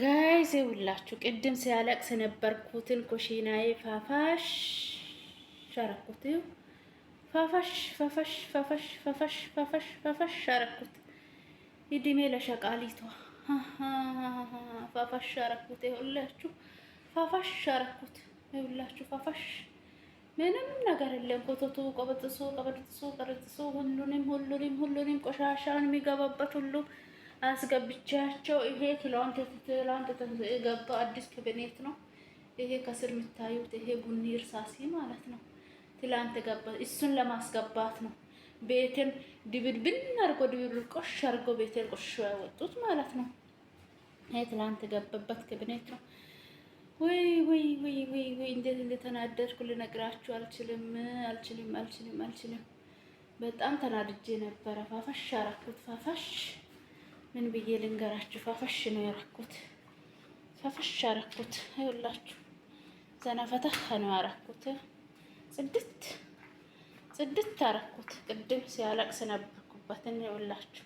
ጋይዝ ይኸውላችሁ ቅድም ሲያለቅስ የነበርኩትን ኩሽናዬ ፋፋሽ ሸረኩት። ፋፋሽ ፋፋሽ ፋፋሽ ፋፋሽ ፋፋሽ ፋፋሽ ሸረኩት። እድሜ ለሸቃሊቷ ፋፋሽ ሸረኩት። ይኸውላችሁ ፋፋሽ ሸረኩት። ይኸውላችሁ ፋፋሽ ምንም ነገር የለም። ኮቶቱ ቀበጥሱ ቀበጥሱ ቀበጥሱ ሁሉንም ሁሉንም ሁሉንም ቆሻሻን የሚገባበት ሁሉ አስገብቻቸው ይሄ ትላንት ገብቶ አዲስ ክብኔት ነው። ይሄ ከስር የምታዩት ይሄ ቡኒ እርሳሲ ማለት ነው። ትላንት ገባ። እሱን ለማስገባት ነው። ቤቴን ድብልብል አድርጎ ድብልብል ቆሽ አድርጎ ቤቴን ቆሽ ያወጡት ማለት ነው። ይሄ ትላንት ገባበት ክብኔት ነው። ወይ ወይ ወይ ወይ ወይ እንዴት እንደተናደድኩ ልነግራችሁ አልችልም አልችልም አልችልም አልችልም። በጣም ተናድጄ ነበረ። ፋፋሽ አራኩት ፋፋሽ ምን ብዬ ልንገራችሁ? ፈፈሽ ነው ያረኩት፣ ፈፈሽ ያረኩት ይውላችሁ፣ ዘና ፈታ ነው ያረኩት፣ ጽድት ጽድት አረኩት። ቅድም ሲያለቅስ ነበርኩበትን ይውላችሁ።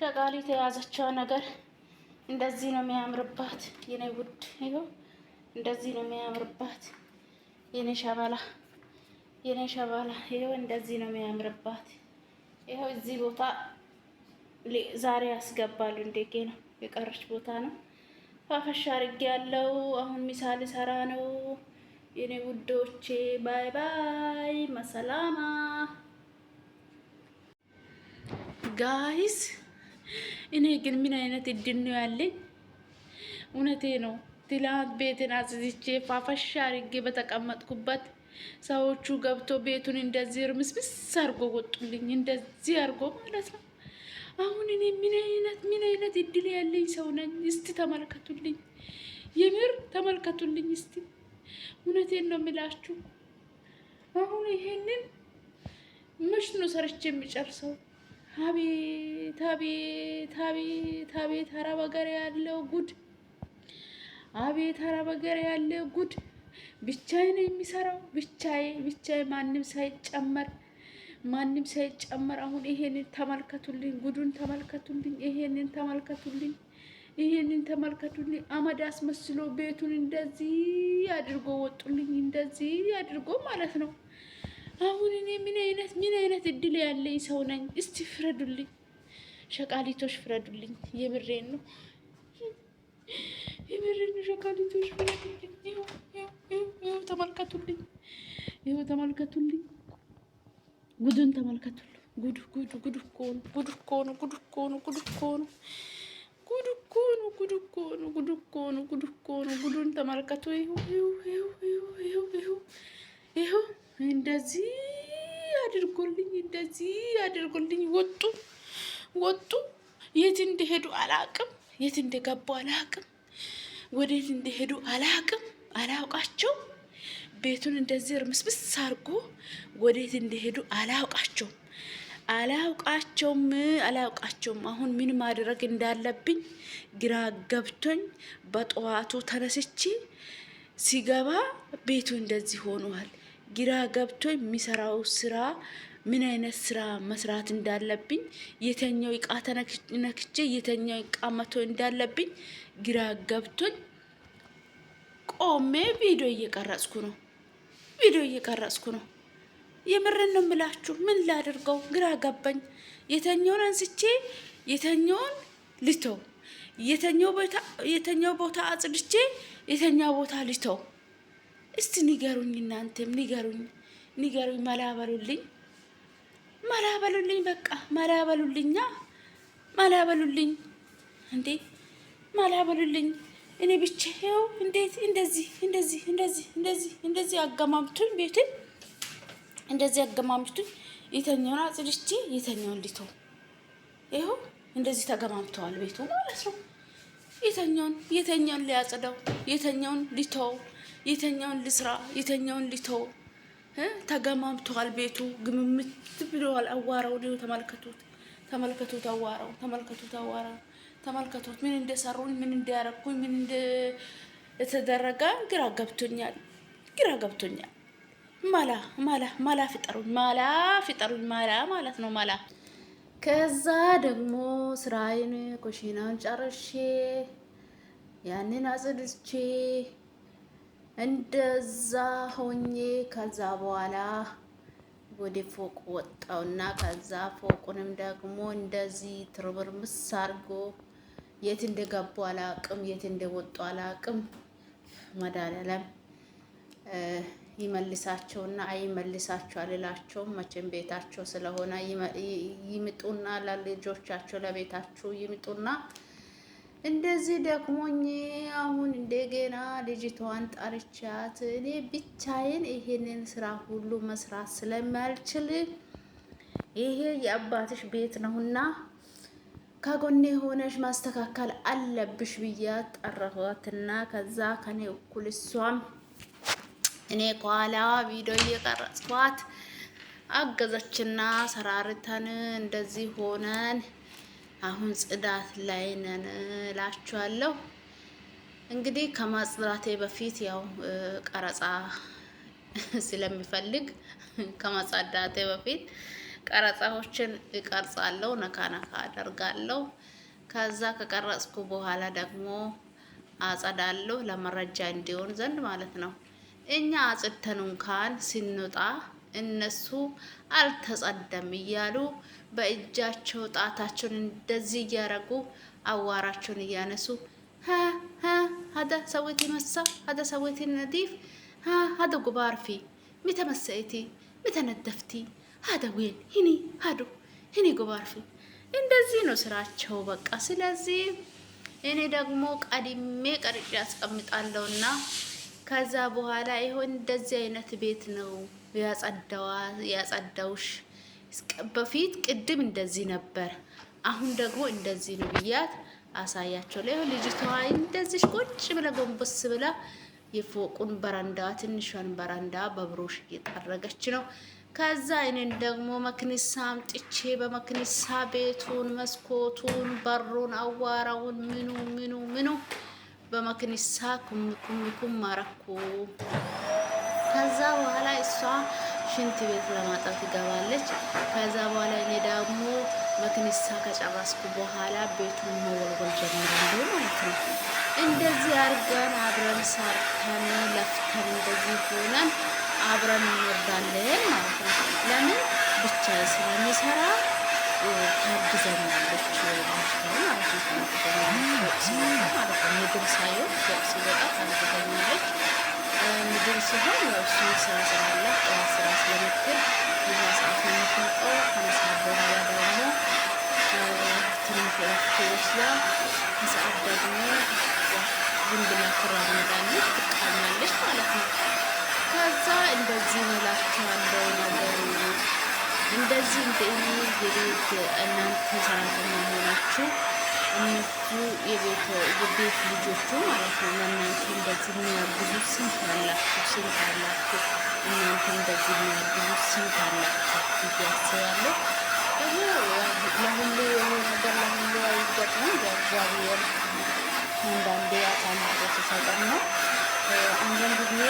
ሸቃሊት የያዘቸው ነገር እንደዚህ ነው የሚያምርባት የኔ ውድ፣ ይኸው እንደዚህ ነው የሚያምርባት የኔ ሸበላ የኔ ሸበላ፣ ይኸው እንደዚህ ነው የሚያምርባት። ይኸው እዚህ ቦታ ዛሬ ያስገባሉ እንደጌ ነው የቀረች ቦታ ነው። ፋፈሻ አርጌ ያለው አሁን ሚሳሌ ሰራ ነው። የኔ ውዶቼ ባይ ባይ መሰላማ ጋይስ። እኔ ግን ምን አይነት እድል ነው ያለኝ? እውነቴ ነው። ትላንት ቤትን አጽዝቼ ፋፈሻ አርጌ በተቀመጥኩበት ሰዎቹ ገብቶ ቤቱን እንደዚህ እርምስምስ አርጎ ወጡልኝ። እንደዚህ አርጎ ማለት ነው አሁን እኔ ምን አይነት ምን አይነት እድል ያለኝ ሰው ነኝ? እስቲ ተመልከቱልኝ፣ የምር ተመልከቱልኝ እስቲ። እውነቴን ነው የምላችሁ። አሁን ይሄንን መች ነው ሰርቼ የሚጨርሰው? አቤት አቤት አቤት አቤት! አረብ በገር ያለው ጉድ! አቤት አረብ በገር ያለው ጉድ! ብቻዬ ነው የሚሰራው፣ ብቻዬ ብቻዬ፣ ማንም ሳይጨመር ማንም ሳይጨመር አሁን ይሄንን ተመልከቱልኝ፣ ጉዱን ተመልከቱልኝ፣ ይሄንን ተመልከቱልኝ፣ ይሄንን ተመልከቱልኝ። አመድ አስመስሎ ቤቱን እንደዚህ አድርጎ ወጡልኝ፣ እንደዚህ አድርጎ ማለት ነው። አሁን እኔ ምን አይነት ምን አይነት እድል ያለኝ ሰው ነኝ? እስቲ ፍረዱልኝ፣ ሸቃሊቶች ፍረዱልኝ። የምሬን ነው፣ የምሬን ነው። ሸቃሊቶች ፍረዱልኝ። ይኸው ተመልከቱልኝ፣ ይኸው ተመልከቱልኝ ጉዱን ተመልከቱ። ጉዱ ጉዱ ጉዱ እኮ ነው። ጉዱ እኮ ነው። ጉዱ እኮ ነው። ጉዱ እኮ ነው። ጉዱ እኮ ነው። ጉዱ እኮ ነው። ጉዱ እኮ ነው። ጉዱ እኮ ነው። ጉዱን ተመልከቱ። ይኸው እንደዚህ አድርጎልኝ እንደዚህ አድርጎልኝ ወጡ ወጡ። የት እንደሄዱ አላቅም። የት እንደገቡ አላቅም። ወዴት እንደሄዱ አላቅም። አላውቃቸው ቤቱን እንደዚህ እርምስምስ አድርጎ ወዴት እንደሄዱ አላውቃቸውም አላውቃቸውም አላውቃቸውም። አሁን ምን ማድረግ እንዳለብኝ ግራ ገብቶኝ በጠዋቱ ተነስቼ ሲገባ ቤቱ እንደዚህ ሆኗል። ግራ ገብቶኝ የሚሰራው ስራ ምን አይነት ስራ መስራት እንዳለብኝ የተኛው እቃ ተነክቼ የተኛው እቃ መቶ እንዳለብኝ ግራ ገብቶኝ ቆሜ ቪዲዮ እየቀረጽኩ ነው። ቪዲዮ እየቀረጽኩ ነው። የምርን ነው የምላችሁ። ምን ላድርገው ግራ ገባኝ። የተኛውን አንስቼ የተኛውን ልተው፣ የተኛው ቦታ አጽድቼ የተኛ ቦታ ልተው። እስቲ ንገሩኝ፣ እናንተም ንገሩኝ፣ ንገሩኝ። መላበሉልኝ፣ መላበሉልኝ፣ በቃ መላበሉልኛ፣ መላበሉልኝ፣ እንዴ መላበሉልኝ። እኔ ብቻው እንዴት እንደዚህ እንደዚህ እንደዚህ እንደዚህ እንደዚህ አገማምቱኝ ቤትን እንደዚህ አገማምቱኝ የተኛውን አጽድቼ የተኛውን እንዲተው ይኸው እንደዚህ ተገማምተዋል ቤቱ ማለት ነው። የተኛውን የተኛውን ሊያጽደው የተኛውን ሊተው የተኛውን ልስራ የተኛውን ሊተው ተገማምተዋል ቤቱ ግምምት ብለዋል። አዋራው ተመልከቱት። ተመልከቱ፣ ተዋረው ተመልከቱ፣ አዋራ ተመልከቱት፣ ምን እንደሰሩኝ፣ ምን እንዳያረኩኝ፣ ምን እንደተደረገ ግራ ገብቶኛል፣ ግራ ገብቶኛል። ማላ ማላ ማላ ፍጠሩኝ፣ ማላ ፍጠሩኝ፣ ማላ ማለት ነው ማላ። ከዛ ደግሞ ስራዬን ኩሽናውን ጨርሼ ያንን አጽድቼ እንደዛ ሆኜ ከዛ በኋላ ወደ ፎቅ ወጣውና ከዛ ፎቁንም ደግሞ እንደዚህ ትርብርምስ አርጎ የት እንደገቡ አላቅም፣ የት እንደወጡ አላቅም። መድኃኒዓለም ይመልሳቸውና አይመልሳቸው አልላቸውም። መቼም ቤታቸው ስለሆነ ይምጡና ለልጆቻቸው ለቤታቸው ይምጡና እንደዚህ ደክሞኝ አሁን እንደገና ልጅቷን ጠርቻት እኔ ብቻዬን ይሄንን ስራ ሁሉ መስራት ስለማልችል ይሄ የአባትሽ ቤት ነውና ከጎኔ ሆነሽ ማስተካከል አለብሽ ብያ ጠረኋትና ከዛ ከኔ እኩል እሷም እኔ ከኋላዋ ቪዲዮ እየቀረጽኳት አገዘችና ሰራርተን እንደዚህ ሆነን አሁን ጽዳት ላይ ነን እላችኋለሁ። እንግዲህ ከማጽዳቴ በፊት ያው ቀረጻ ስለሚፈልግ ከማጽዳቴ በፊት ቀረጻዎችን እቀርጻለሁ፣ ነካ ነካ አደርጋለሁ። ከዛ ከቀረጽኩ በኋላ ደግሞ አጸዳለሁ፣ ለመረጃ እንዲሆን ዘንድ ማለት ነው። እኛ አጽድተን እንኳን ስንወጣ እነሱ አልተጸደም እያሉ በእጃቸው ጣታቸውን እንደዚህ እያረጉ አዋራቸውን እያነሱ ሀደ ሰዊቲ መሳ ሀደ ሰዊቲ ነዲፍ ሀደ ጉባርፊ ሚተመሰይቲ ሚተነደፍቲ ሀደ ዌን ሂኒ ሀዱ ሂኒ ጉባርፊ እንደዚህ ነው ስራቸው በቃ። ስለዚህ እኔ ደግሞ ቀድሜ ቀርጬ ያስቀምጣለሁና ከዛ በኋላ ይሆን እንደዚህ አይነት ቤት ነው ያጸደዋ ያጸደውሽ በፊት ቅድም እንደዚህ ነበር፣ አሁን ደግሞ እንደዚህ ነው ብያት አሳያቸው ላይ ልጅቷ እንደዚህ ቁጭ ብለ ጎንበስ ብላ የፎቁን በረንዳ ትንሿን በረንዳ በብሮሽ እየጠረገች ነው። ከዛ እኔን ደግሞ መክኒሳ አምጥቼ በመክኒሳ ቤቱን፣ መስኮቱን፣ በሩን፣ አዋራውን ምኑ ምኑ ምኑ በመክኒሳ ኩምኩምኩም ማረኩ። ከዛ በኋላ እሷ ሽንት ቤት ለማጠብ ትገባለች። ከዛ በኋላ እኔ ደግሞ መክኒሳ ከጨረስኩ በኋላ ቤቱን መወልወል ጀምራለሁ ማለት ነው። እንደዚህ አርገን አብረን ሰርተን ለፍተን እንደዚህ ሆነን አብረን እንወርዳለን ማለት ነው። ለምን ብቻ ስለሚሰራ ታግዘኛለች ማለት ነው። ማለት ነው። ምግብ ሳይሆን ሲወጣ ታግዘኛለች ምግብ ሲሆን የእሱን ስራ ስላለ ጠዋት ስራ ስለምትል ይዛ ሰዓት የምትመጣው ከመስራት በኋላ ደግሞ ትንሽ ረፍት ወስዳ ከሰዓት ደግሞ ዝም ብላ ትራመዳለች፣ ትቃማለች ማለት ነው። ከዛ እንደዚህ እላችኋለሁ ነገሩ እንደዚህ እንደ እናንተ ሰራተኛ መሆናችሁ እነሱ የቤት ቤት ልጆቹ ማለት ነው። ለእናንተ እንደዚህ የሚያግዙ ስንት አላችሁ? ስንት አላችሁ? እናንተ እንደዚህ የሚያግዙ ስንት አላችሁ? ያስባለሁ ለሁሉ ለሁሉ ነገር ለሁሉ አይገጥም። እግዚአብሔር አንዳንዴ አሳልፎ ሲሰጠን ነው። አንዳንድ ጊዜ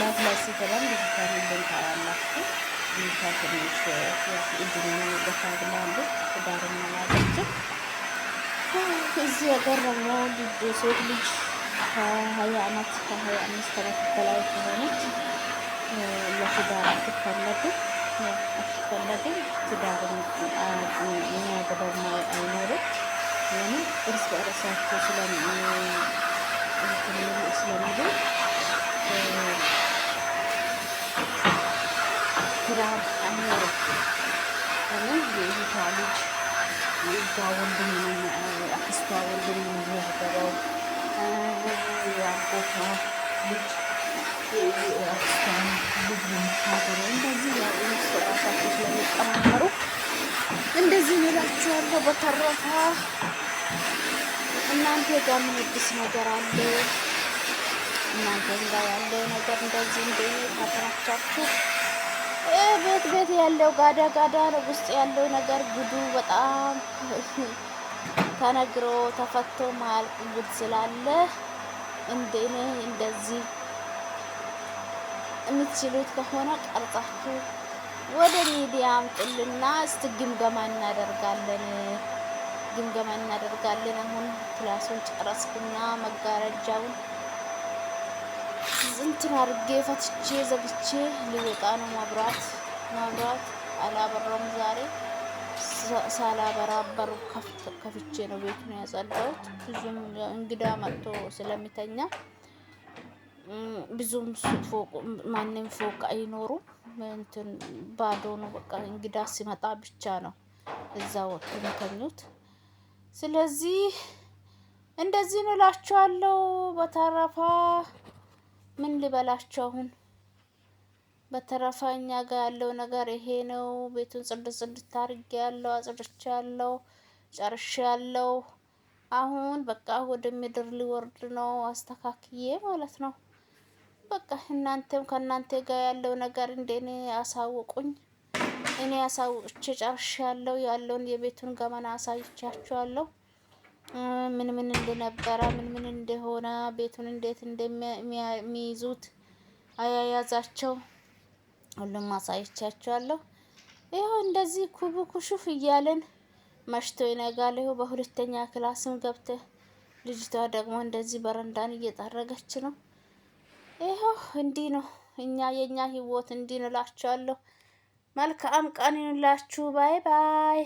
ላት ላይ ሲገባም ቤተሰብ ልንታያላችሁ ትንሽ እድሜ ገፋ ብላለች ትዳርና ያለችው እዚህ የገረመው ደግሞ ሴት ልጅ ከሀያ አመት ከሀያ አምስት አመት በላይ ከሆነች ለትዳር አትፈለግም አትፈለግም። ትዳር የሚያገባው አይኖርም። ወይም እርስ በእርሳቸው ስለሚሉ ትዳር አይኖርም። ለምን የይታ ልጅ የእጇ ወንድም አክስቷ ወንድም ያገባው የአጎቷ ልጅ እንደዚህ ያሱ በተረፈ እናንተ ጋር ምን አዲስ ነገር አለ? እናንተ ጋር ያለው ነገር እንደዚህ እንደ ተከራቻችሁ ቤት ቤት ያለው ጋዳ ጋዳ ነው። ውስጥ ያለው ነገር ጉዱ በጣም ተነግሮ ተፈቶ ማያልቅ ጉድ ስላለ እንደኔ እንደዚህ የምትችሉት ከሆነ ቀርጻችሁ ወደ ሚዲያ አምጡልና እስቲ ግምገማ እናደርጋለን ግምገማ እናደርጋለን። አሁን ክላሱን ጨረስኩና መጋረጃውን እንትን አድርጌ ፈትቼ ዘግቼ ሊወጣ ነው። መብራት መብራት አላበራም ዛሬ ሳላበራበሩ ከፍቼ ነው ቤት ነው ያጸዳሁት። ብዙም እንግዳ መጥቶ ስለሚተኛ ብዙም ፎቅ ማንም ፎቅ አይኖሩም። እንትን ባዶ ነው በቃ እንግዳ ሲመጣ ብቻ ነው እዛ ወጥቶ የሚተኙት። ስለዚህ እንደዚህ እንላችኋለሁ በተረፋ ምን ልበላቸው አሁን። በተረፈ እኛ ጋር ያለው ነገር ይሄ ነው። ቤቱን ጽድት ጽድት አድርጌ ያለው አጽድቼ ያለው ጨርሼ ያለው አሁን በቃ ወደ ምድር ሊወርድ ነው አስተካክዬ ማለት ነው። በቃ እናንተም ከእናንተ ጋር ያለው ነገር እንደኔ አሳውቁኝ። እኔ አሳውቅቼ ጨርሼ ያለው ያለውን የቤቱን ገመና አሳይቻችኋለሁ። ምን ምን እንደነበረ ምን ምን እንደሆነ ቤቱን እንዴት እንደሚይዙት አያያዛቸው ሁሉም አሳይቻቸዋለሁ። ይኸው እንደዚህ ኩቡ ኩሹፍ እያለን መሽቶ ይነጋል። ይኸው በሁለተኛ ክላስም ገብተ ልጅቷ ደግሞ እንደዚህ በረንዳን እየጠረገች ነው። ይኸው እንዲህ ነው እኛ የእኛ ህይወት እንዲህ እንላችኋለሁ። መልካም ቀን ይኑላችሁ ባይ ባይ።